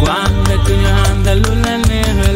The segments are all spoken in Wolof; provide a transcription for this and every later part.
Cuando tu anda luna neve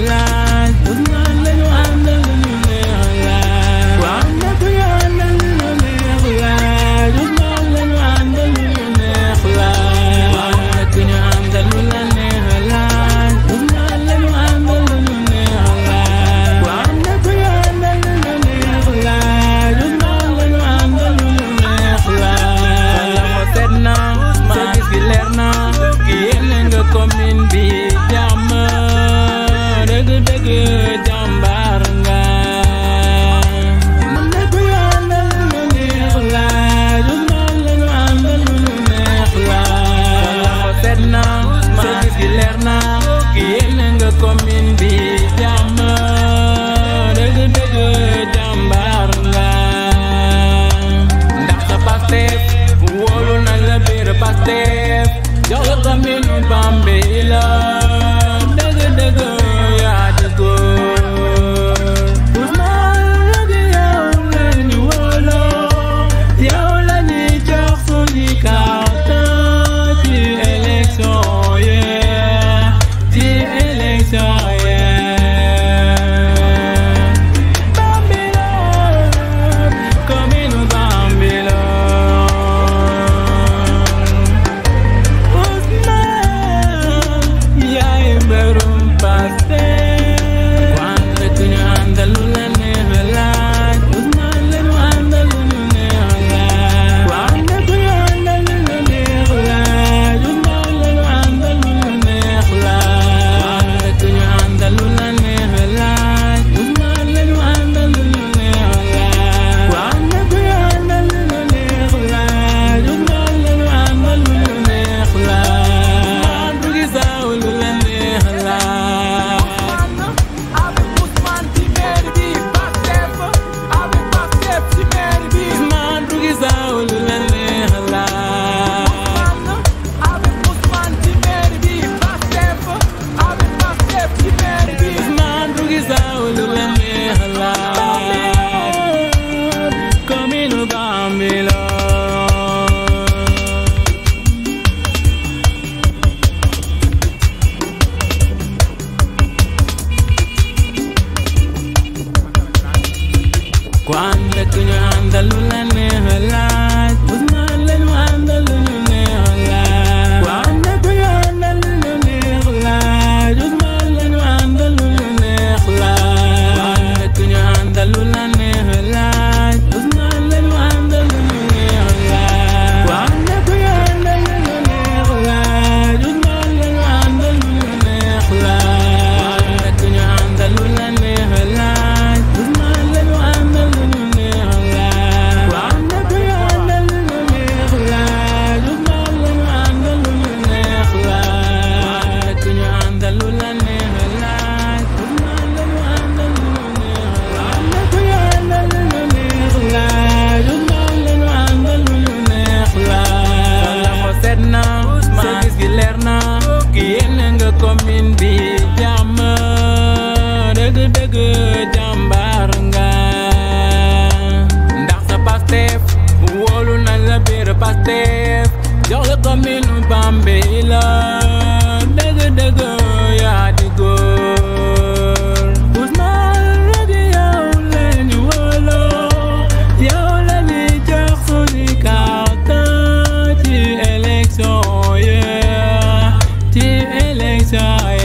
quando tu llorando luna ne time.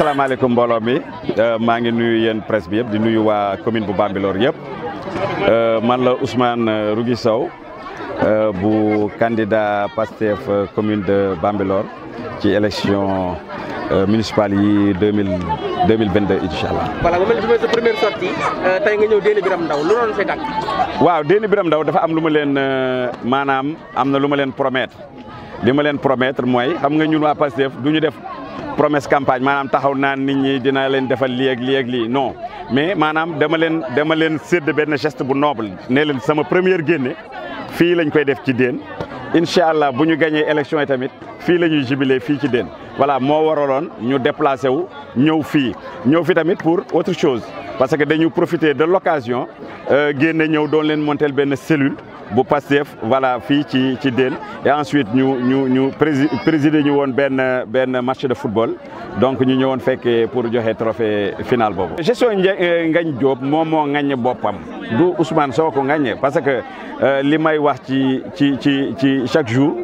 asalaamaaleykum mbooloo mi euh ma ngi nuyu yeen presse bi yeb di nuyu wa commune bu Bambilor yeb euh man la Ousmane euh, Rougui Sow euh, bu candidat Pastef euh, commune de Bambilor ci élection municipale yi 2000 2022 inshallah wala mo deux incha mel ni sa première sortie euh tay nga ñew Déni Biram Ndaw lu doon sé tànk. waaw Déni Biram Ndaw dafa am luma len manam amna luma len promettre lima len promettre moy xam nga ñun wa Pastef duñu def. promesse campagne maanaam taxaw naan nit ñi dinaa leen defa lii ak lii ak mais maanaam dama leen dama leen sédd benn geste bu noble ne leen sama première génne fii lañ koy def ci déen incha allah bu ñu gañee élection yi tamit fii la ñuy jubilé fii ci déen voilà moo waraloon ñu déplacé wu ñëw fii ñëw fi tamit pour autre chose parce que nous profiter de l'occasion nous avons monté une une cellule bu Pastef voilà fille ci ci et ensuite nous, ñu ñu présider ñu match de football donc nous avons fait pour le trophée final Je suis un job moi, mo ŋaññe bopam du Ousmane soko parce que euh, li may chaque jour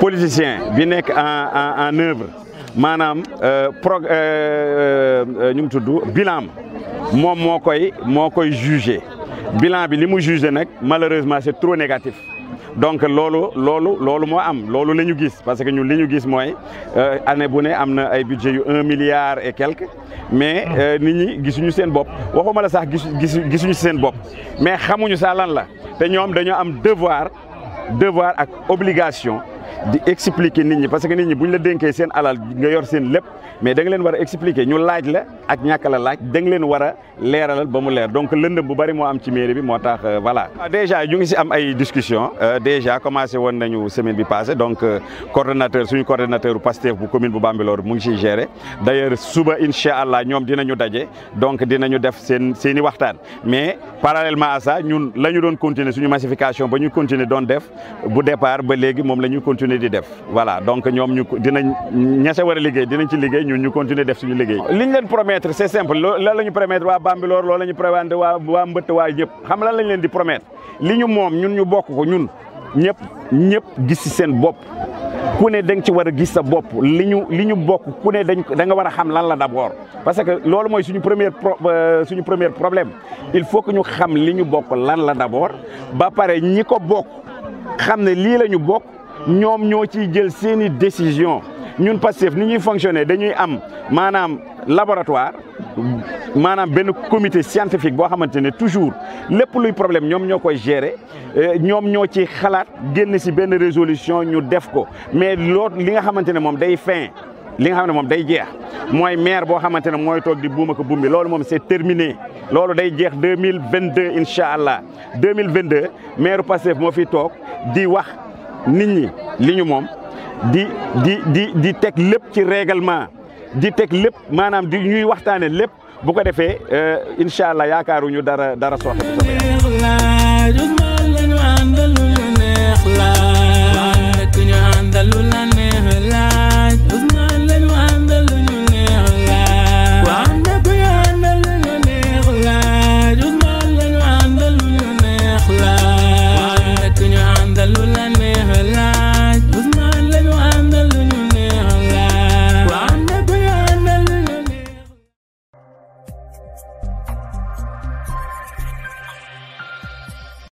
politicien politiciens viennent en œuvre maanaam euh, ñu euh, euh, euh, mu tudd bilan mom mo koy mo koy juger bilan bi li mu jugé malheureusement c'est trop négatif donc lolu lolu lolu mo am lolu lañu gis parce que ñun liñu gis moy euh, année bu ne am ay budget yu un milliard et quelque mais nit ñi gisuñu seen bop waxuma la sax gisuñu seen bop mais xamuñu sa lan la té ñom dañu am devoir devoir ak obligation di expliquer nit ñi parce que nit ñi buñ la denké seen alal nga yor seen lépp mais da nga leen wara expliquer ñu laaj la ak ñàkk la laaj da nga leen wara léralal ba mu lér donc lëndëm bu bari mo am ci mairie bi moo tax euh, voilà. Ah, déjà ñu ngi ci am ay discussion euh, déjà commencé won nañu semaine bi passée donc euh, coordinateur suñu coordinateur Pastef bu commune bu Bambilor mu ngi ci gérer d'ailleurs suba inshallah ñom dinañu dajé donc dinañu def seen seen waxtaan mais parallèlement à ça ñun lañu doon continuer suñu massification ba ñu continuer doon def bu départ ba légui mom lañu continuer continuer di def voilà donc ñom ñu dinañ ña wara war liggéey dinañ ci liggéey ñun ñu continuer def suñu liggéey liñ leen promettre c'est simple la lañu promettre wa Bambilor loolu la ñu promettre wa waa Mbëtt waa ñëpp xam lan lañ leen di promettre liñu mom ñun ñu bokk ko ñun ñep ñep gis ci seen bop ku ne da ci wara gis sa bop liñu liñu li ku ne dañ da nga war xam lan la d'abord parce que lolu moy suñu premier euh, suñu premier problème il faut que ñu xam liñu bok lan la d'abord ba paré ñiko bok bokk li lañu bok ñom ñoo ci jël seeni décision ñun Pastef ni ñuy fonctionner dañuy am manam laboratoire manam ben comité scientifique bo xamante toujours lepp luy problème ñom ñokoy gérer euh, ñom ñoo ci xalat génn si ben résolution ñu def ko mais li nga xamante mom day fin li nga xam mom day jeex moy maire bo xamante moy tok di buum ak buum bi loolu c'est terminé lolu day jeex 2022 inshallah 2022 maire Pastef mo fi tok di wax. nit ñi li ñu moom di di di di teg lépp ci règlement di teg lépp maanaam di ñuy waxtaane lépp bu ko defee euh, incha allah yaakaaruñu dara dara soxla